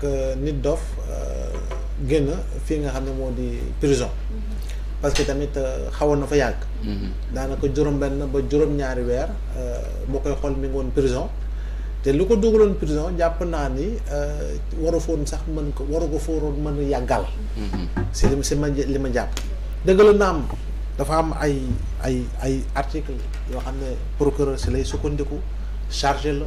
que euh, nit dof euh, génn fii nga xam ne moo di prison mm-hmm. parce que tamit euh, xawoon na fa yàgg mm-hmm. daanaka juróom-benn ba juróom-ñaari weer boo koy xool mi ngi woon prison te lu ko dugaloon prison jàpp naa ni waru foon sax mën ko waru ko fooroon mën a yàggal mm-hmm. si li ma li ma jàpp dëgg la naam dafa am ay ay ay article yoo xam ne procureur si lay sukkandiku chargé la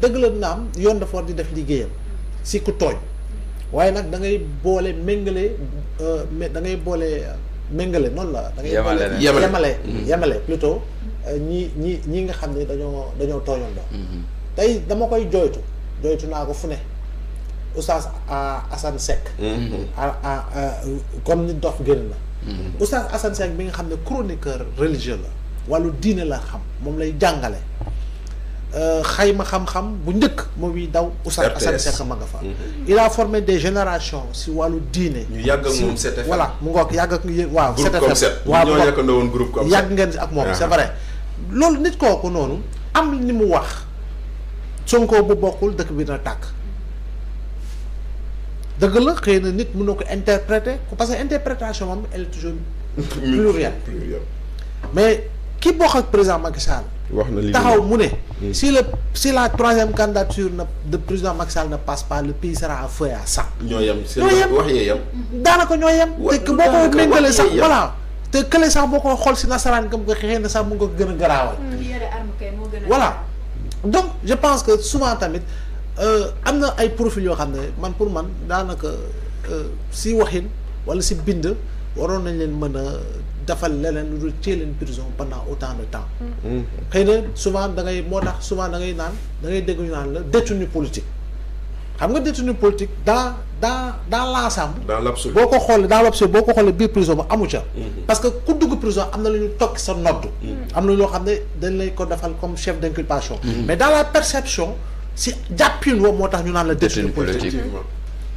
dëgg la naam yoon dafa war di def liggéeyam si ku tooñ waaye nag da ngay boole méngale euh, da ngay boole euh, méngale noonu la. da ngay yemale yemale mm-hmm. plutôt euh, ñi ñi ñi nga xam ne dañoo dañoo tooñoon doo mm-hmm. tey dama koy jooytu jooytu naa ko fu ne oustaz Assane Seck. Mm-hmm. comme ni dox génn na. oustaz Assane Seck bi nga xam ne chroniqueur religieux la wàllu diine la xam moom lay jàngale. Euh, xayma xam-xam bu njëkk moo bi daw Oustaz Assane Seck Magafa. Mhm. il a formé des générations si wàllu diine ñu yàgg ak moom 7FM voilà mu ngoog yàgg ak waaw 7FM waaw ñoo yàkkandoo woon groupe comme yàgg ngeen ak moom ah. c'est vrai loolu nit kooku noonu am ni mu wax Sonko bu bokkul dëkk bi na tàkk dëgg la xëy na nit mën na ko interpréter parce que interprétation moom elle est toujours pluriel mais ki bokk ak président Macky Sall. wax na li taxaw mu ne. si le la troisième candidature na de président Macky Sall ne passe pas le pays sera à feu et à sang. ñoo yem seen wax yee yem. daanaka ñoo yem. te boo ko méngale sax voilà. te kële sax boo ko xool si na nasaraan gam ko xëy na sax mu ngi ko gën a garaawal. Mm, voilà donc je pense que souvent tamit euh, am na ay profils yoo xam ne man pour man daanaka euh, si waxin wala si bind waroon nañ leen mën a. defal leneen lu dul téye leen prison pendant autant de temps. Mm. Mm. xëy na souvent da ngay moo souvent da ngay naan da ngay dégg ñu naan la détenu politique. xam nga détenu politique dans dans dans l' dans l'absolu. Boko boo dans l'absolu. Boko boo ko xoolee prison ba amu ca. Mm-hmm. parce que ku dugg prison am na lu ñu tokki sa nodd. Mm-hmm. am na loo xam ne dañ lay ko defal comme chef d' mm-hmm. mais dans la perception c'est jàppin woo moo tax ñu naan la détenu politique.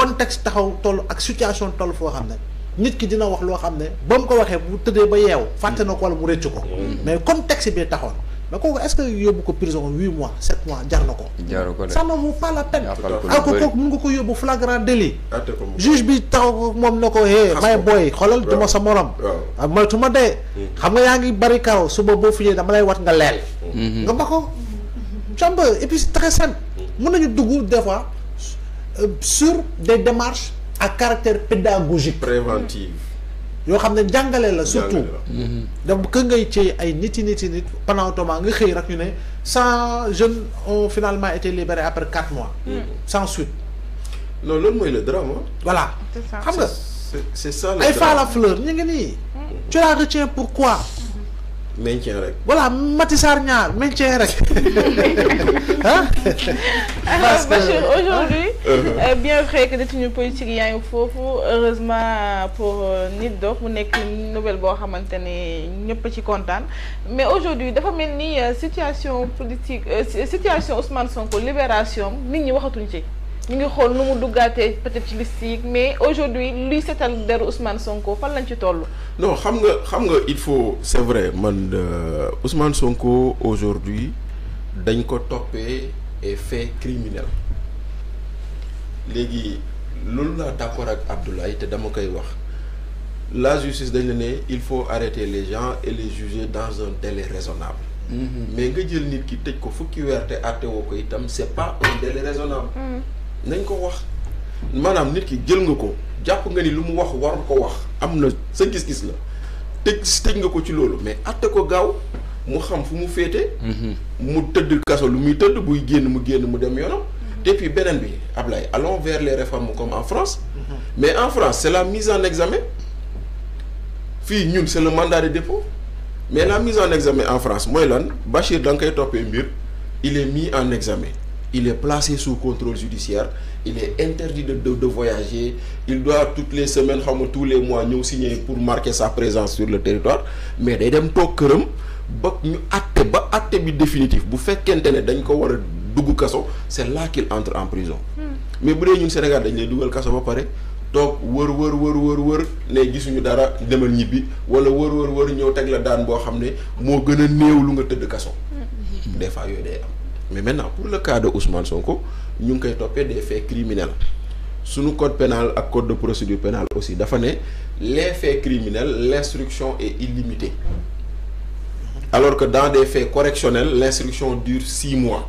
contexte taxaw toll ak situation toll foo xam ne nit ki dina wax loo xam ne ba mu ko waxee bu tëddee ba yeew fàtte na ko wala mu rëccu ko mm. mais contexte bi taxoon mais que yóbbu ko prison huit mois sept ko ça ne vaut pas la peine alors que kooku mun nga ko yóbbu flagrant délit juge bi taxaw moom na ko hé may booy xoolal duma sa morom ah, moytu ma dee mm. xam nga yaa ngi bari karaw suba boo fi ñëwee dama lay wat nga leel mm-hmm. nga ba ko chambe et puis c'est très mm. mun nañu dugg des Euh, sur des démarches à caractère pédagogique. préventive. Yo, xam jangalé la surtout. Mhm. donc que ngay ci ay nit yi nit Pendant nit nga xey rek ñu né 100 jeunes ont finalement été libérés après quatre mois. Mm. sans suite. non lool moy le drame hein. voilà. xam nga c'est ça le ay la Fleur ñu ngi mm. tu la retiens pourquoi. Mm-hmm. maintien rek. voilà matissar ñaar maintien rek. hein parce que bah, aujourd'hui euh, euh, bien vrai que détenu politique a ngi faux. heureusement euh, pour nit vous n'êtes qu'une nouvelle boo xamante ne ñëpp ci content. mais aujourd'hui dafa mel situation politique situation Ousmane Sonko libération nit ñi waxatuñ ci. nous ngi xool nu mu peut-être ci mais aujourd'hui lui, c'est un deru Ousmane Sonko fan lañ ci non xam nga il faut c'est vrai man Ousmane Sonko aujourd'hui dañ ko est et fait criminel léegi lolu la d'accord ak Abdoulaye té dama koy wax la justice dañ la né il faut arrêter les gens et les juger dans un délai raisonnable. Mhm. mais nga jël nit ki tej ko fukki werté te àtte ko itam c'est pas un délai raisonnable. Mhm. nañ ko wax Manam nit ki jël nga ko japp nga ni lu mu wax war ko wax amna na sa gis-gis la tej tej nga ko ci lolu mais àtte ko gaaw mu xam fu mu féete. Mhm. mu teud kasso lu muy tëdd buy génn mu génn mu dem yoonam depuis beneen allons vers les réformes comme en France mais en France c'est la mise en examen fini c'est le mandat de dépôt mais la mise en examen en France mooy Bachir da il est mis en examen il est placé sous contrôle judiciaire il est interdit de de voyager il doit toutes les semaines comme tous les mois nous signer pour marquer sa présence sur le territoire mais il dem toog këram ba ñu définitif Vous faites ne dañ ko dugg kaso c'est là qu'il entre en prison mais bu nous ñun Sénégal dañ lay dugal kaso ba pare toog wër wër wër wër wër ne gisuñu dara demal ñibi wala wër wër wër ñëw teg la daan bo xamné mo gëna gën a lu nga tëdd kasso des fois yoy day am mais maintenant pour le cas de Ousmane Sonko ñu ngi koy des faits criminels suñu code pénal ak code de procédure pénale aussi dafa né les faits criminels l'instruction est illimitée alors que dans des faits correctionnels l'instruction dure 6 mois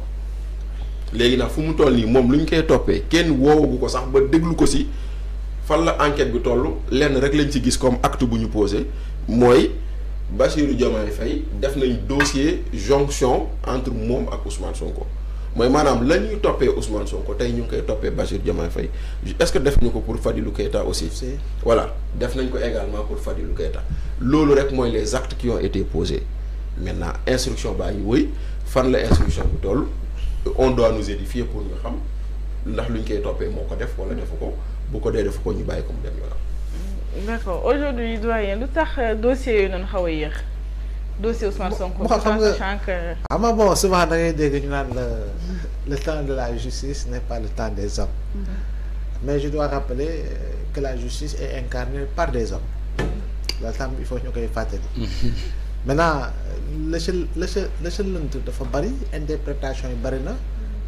léegi nag fu mu toll nii koy topé kenn woowagu guko sax ba déglu ko si fan la enquête bi tollu lenn rek lañ ci gis comme acte buñu ñu posé mooy Bassirou Diomaye Faye def nañ dossier jonction entre mom ak Ousmane Sonko moy manam lañuy topé Ousmane Sonko tay ñu ngi koy topé Bassirou Diomaye Faye est-ce que def ñuko pour Fadilou Keita aussi voilà def nañ ko également pour Fadilou Keita lolu rek moy les actes qui ont été posés maintenant instruction baa ngi fan la instruction bi on doit nous édifier pour nous xam ndax luñ koy topé moko def wala defuko bu ko dé defuko ñu bayé ko dem yoonam. d' aujourd'hui doyen lu tax euh, dossier yooyu noonu xaw a dossier Ousmane Sonko. xam nga ah bon souvent da ngay dégg ñu le temps de la justice n'est pas le temps des hommes. Mm-hmm. mais je dois rappeler euh, que la justice est incarnée par des hommes. Mm-hmm. il faut ñu koy fàttali. Mm-hmm. maintenant. la ca la ca la ca lënt dafa bari interprétation yi bari na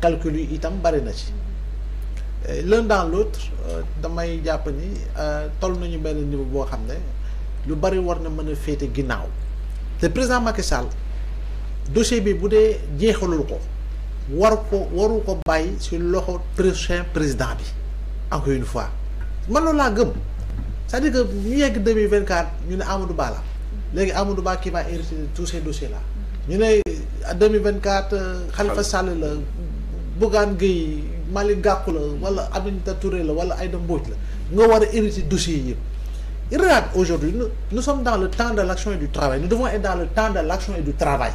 calcul yi itam bari na ci euh, l'un dans l'autre euh, damay jàpp ni euh, toll nañu benn niveau boo xam ne lu bari war na mën a féete ginnaaw te président Macky Sall dossier bi bu dee jeexalul ko war ko waru ko bàyyi si loxo prochain président bi encore une fois man loolu laa gëm c'est-à-dire que ñu yegg 2024 ñu ne Amadou Ba la Légui Amadou Ba qui va hériter de tous ces dossiers là. ñu 2024. Euh, Khalifa Sall la Bougane Gueye Malik Gakou la wala Aminata Touré la wala Aïda Mbodj la nga dossiers aujourd'hui nous, sommes dans le temps de l'action et du travail nous devons être dans le temps de l'action et du travail.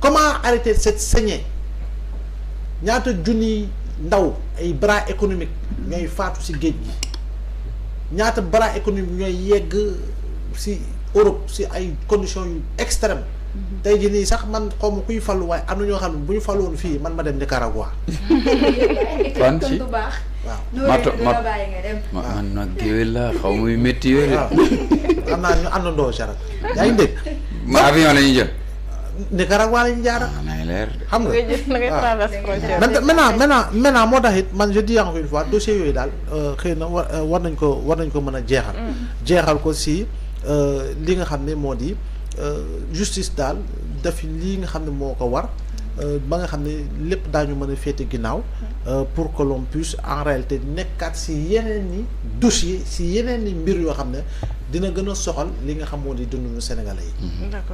comment arrêter cette saignée Nous avons ndaw ay bras économique ñooy faatu ci bras économique ñoy yegg ci. Europe si ay conditions yu extrême mhm. tey jii nii sax man xaw ma kuy falu waaye am na ñoo xam ne bu ñu falu woon fii man ma dem Nicaragua. fan ci waaw mato mat man nag géwél la xaw ah, xam nga maintenant maintenant moo tax it man je dis encore fois yooyu daal euh, xëy na war euh, war nañ ko war nañ ko mën a jeexal mm. jeexal ko si Euh, li nga xam ne moo di euh, justice daal daf lii nga xam ne moo ko war euh, ba nga xam ne lépp daañu mën a féete ginnaaw pour que l'on puisse en réalité nekkaat si yeneen ni dossier si yeneen ni mbir yoo xam ne dina gën a soxal li nga xam moo di dundu sénégalais yi